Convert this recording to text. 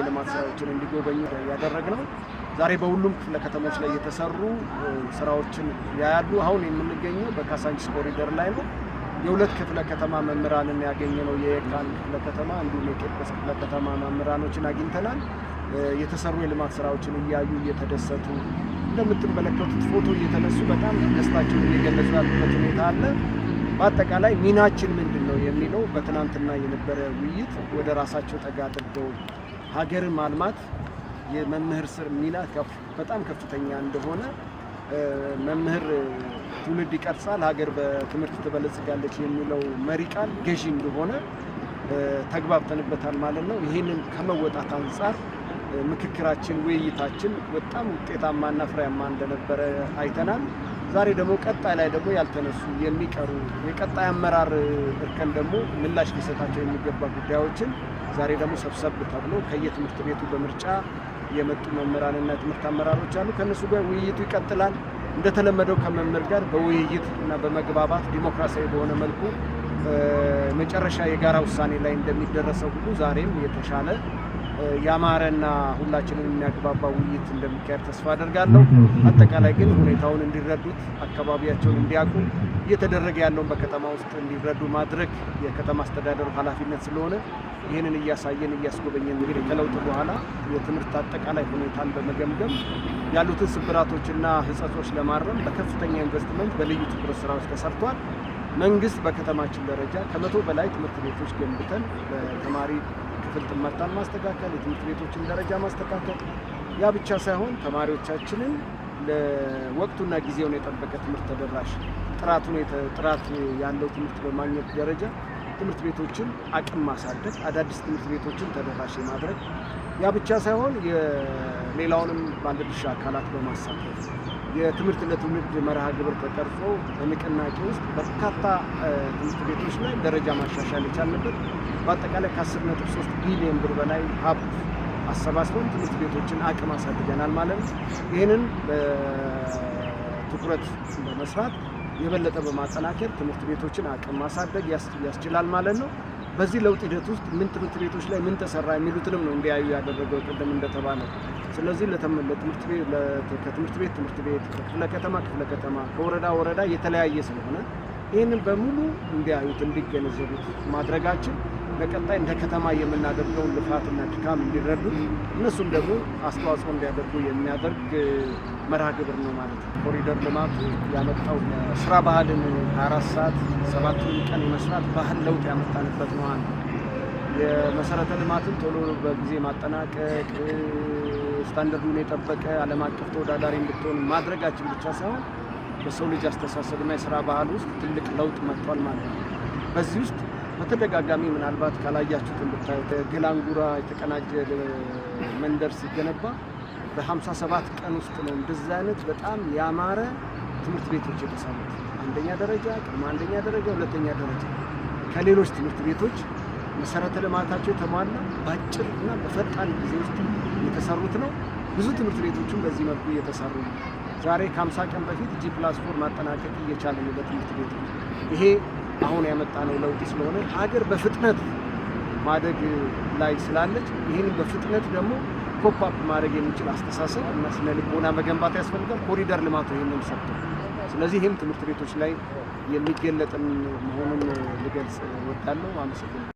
የልማት ስራዎችን እንዲጎበኙ እያደረግ ነው። ዛሬ በሁሉም ክፍለ ከተሞች ላይ የተሰሩ ስራዎችን ያያሉ። አሁን የምንገኘው በካሳንቺስ ኮሪደር ላይ ነው። የሁለት ክፍለ ከተማ መምህራንን ያገኘ ነው። የየካን ክፍለ ከተማ እንዲሁም የቄርቆስ ክፍለ ከተማ መምህራኖችን አግኝተናል። የተሰሩ የልማት ስራዎችን እያዩ እየተደሰቱ እንደምትመለከቱት ፎቶ እየተነሱ በጣም ደስታቸውን እየገለጹ ያሉበት ሁኔታ አለ። በአጠቃላይ ሚናችን ምንድን ነው የሚለው በትናንትና የነበረ ውይይት ወደ ራሳቸው ጠጋ አድርገው ሀገርን ማልማት የመምህር ስር ሚና በጣም ከፍተኛ እንደሆነ መምህር ትውልድ ይቀርጻል፣ ሀገር በትምህርት ትበለጽጋለች የሚለው መሪ ቃል ገዢ እንደሆነ ተግባብተንበታል ማለት ነው። ይህንን ከመወጣት አንጻር ምክክራችን፣ ውይይታችን በጣም ውጤታማና ፍሬያማ እንደነበረ አይተናል። ዛሬ ደግሞ ቀጣይ ላይ ደግሞ ያልተነሱ የሚቀሩ የቀጣይ አመራር እርከን ደግሞ ምላሽ ሊሰጣቸው የሚገባ ጉዳዮችን ዛሬ ደግሞ ሰብሰብ ተብሎ ከየትምህርት ቤቱ በምርጫ የመጡ መምህራንና የትምህርት አመራሮች አሉ። ከእነሱ ጋር ውይይቱ ይቀጥላል። እንደተለመደው ከመምህር ጋር በውይይት እና በመግባባት ዲሞክራሲያዊ በሆነ መልኩ መጨረሻ የጋራ ውሳኔ ላይ እንደሚደረሰው ሁሉ ዛሬም የተሻለ ያማረና ሁላችንን የሚያግባባ ውይይት እንደሚካሄድ ተስፋ አደርጋለሁ። አጠቃላይ ግን ሁኔታውን እንዲረዱት፣ አካባቢያቸውን እንዲያውቁ፣ እየተደረገ ያለውን በከተማ ውስጥ እንዲረዱ ማድረግ የከተማ አስተዳደሩ ኃላፊነት ስለሆነ ይህንን እያሳየን እያስጎበኘን እንግዲህ ከለውጥ በኋላ የትምህርት አጠቃላይ ሁኔታን በመገምገም ያሉትን ስብራቶችና ህጸቶች ለማረም በከፍተኛ ኢንቨስትመንት በልዩ ትኩረት ስራዎች ተሰርቷል። መንግስት በከተማችን ደረጃ ከመቶ በላይ ትምህርት ቤቶች ገንብተን በተማሪ የክፍል ጥመታን ማስተካከል፣ የትምህርት ቤቶችን ደረጃ ማስተካከል። ያ ብቻ ሳይሆን ተማሪዎቻችንን ለወቅቱና ጊዜውን የጠበቀ ትምህርት ተደራሽ ጥራቱን ጥራት ያለው ትምህርት በማግኘት ደረጃ ትምህርት ቤቶችን አቅም ማሳደግ፣ አዳዲስ ትምህርት ቤቶችን ተደራሽ ማድረግ ያ ብቻ ሳይሆን የሌላውንም ባለድርሻ አካላት በማሳተፍ የትምህርት ለትውልድ መርሃ ግብር ተቀርጾ በንቅናቄ ውስጥ በርካታ ትምህርት ቤቶች ላይ ደረጃ ማሻሻል የቻለበት በአጠቃላይ ከ10.3 ቢሊዮን ብር በላይ ሀብት አሰባስበን ትምህርት ቤቶችን አቅም አሳድገናል ማለት ነው። ይህንን በትኩረት በመስራት የበለጠ በማጠናከር ትምህርት ቤቶችን አቅም ማሳደግ ያስችላል ማለት ነው። በዚህ ለውጥ ሂደት ውስጥ ምን ትምህርት ቤቶች ላይ ምን ተሰራ የሚሉትንም ነው እንዲያዩ ያደረገው ቅድም እንደተባለው። ስለዚህ ከትምህርት ቤት ትምህርት ቤት፣ ከክፍለ ከተማ ክፍለ ከተማ፣ ከወረዳ ወረዳ የተለያየ ስለሆነ ይህንን በሙሉ እንዲያዩት እንዲገነዘቡት ማድረጋችን በቀጣይ እንደ ከተማ የምናደርገውን ልፋትና ድካም እንዲረዱ እነሱም ደግሞ አስተዋጽኦ እንዲያደርጉ የሚያደርግ መርሃ ግብር ነው ማለት ነው። ኮሪደር ልማቱ ያመጣው ስራ ባህልን አራት ሰዓት ሰባቱን ቀን የመስራት ባህል ለውጥ ያመጣንበት ነው። አንዱ የመሰረተ ልማትን ቶሎ በጊዜ ማጠናቀቅ ስታንደርዱን የጠበቀ ዓለም አቀፍ ተወዳዳሪ እንድትሆን ማድረጋችን ብቻ ሳይሆን በሰው ልጅ አስተሳሰብና የስራ ባህል ውስጥ ትልቅ ለውጥ መጥቷል ማለት ነው። በዚህ ውስጥ በተደጋጋሚ ምናልባት ካላያችሁት ብታዩት ግላንጉራ የተቀናጀ መንደር ሲገነባ በ57 ቀን ውስጥ ነው እንደዚህ አይነት በጣም ያማረ ትምህርት ቤቶች የተሰሩት። አንደኛ ደረጃ፣ ቅድመ አንደኛ ደረጃ፣ ሁለተኛ ደረጃ ከሌሎች ትምህርት ቤቶች መሰረተ ልማታቸው የተሟላ በአጭር እና በፈጣን ጊዜ ውስጥ የተሰሩት ነው። ብዙ ትምህርት ቤቶችም በዚህ መልኩ እየተሰሩ ነው። ዛሬ ከ50 ቀን በፊት ጂ ፕላስ ፎር ማጠናቀቅ እየቻለ ነው በትምህርት ቤቶች ይሄ አሁን ያመጣነው ለውጥ ስለሆነ ሀገር በፍጥነት ማደግ ላይ ስላለች ይህንን በፍጥነት ደግሞ ኮፓፕ አፕ ማድረግ የሚችል አስተሳሰብ እና ስነ ልቦና መገንባት ያስፈልጋል። ኮሪደር ልማቱ ይህንን ሰጥቶ ስለዚህ ይህም ትምህርት ቤቶች ላይ የሚገለጥን መሆኑን ልገልጽ ወዳለው አመሰግናለሁ።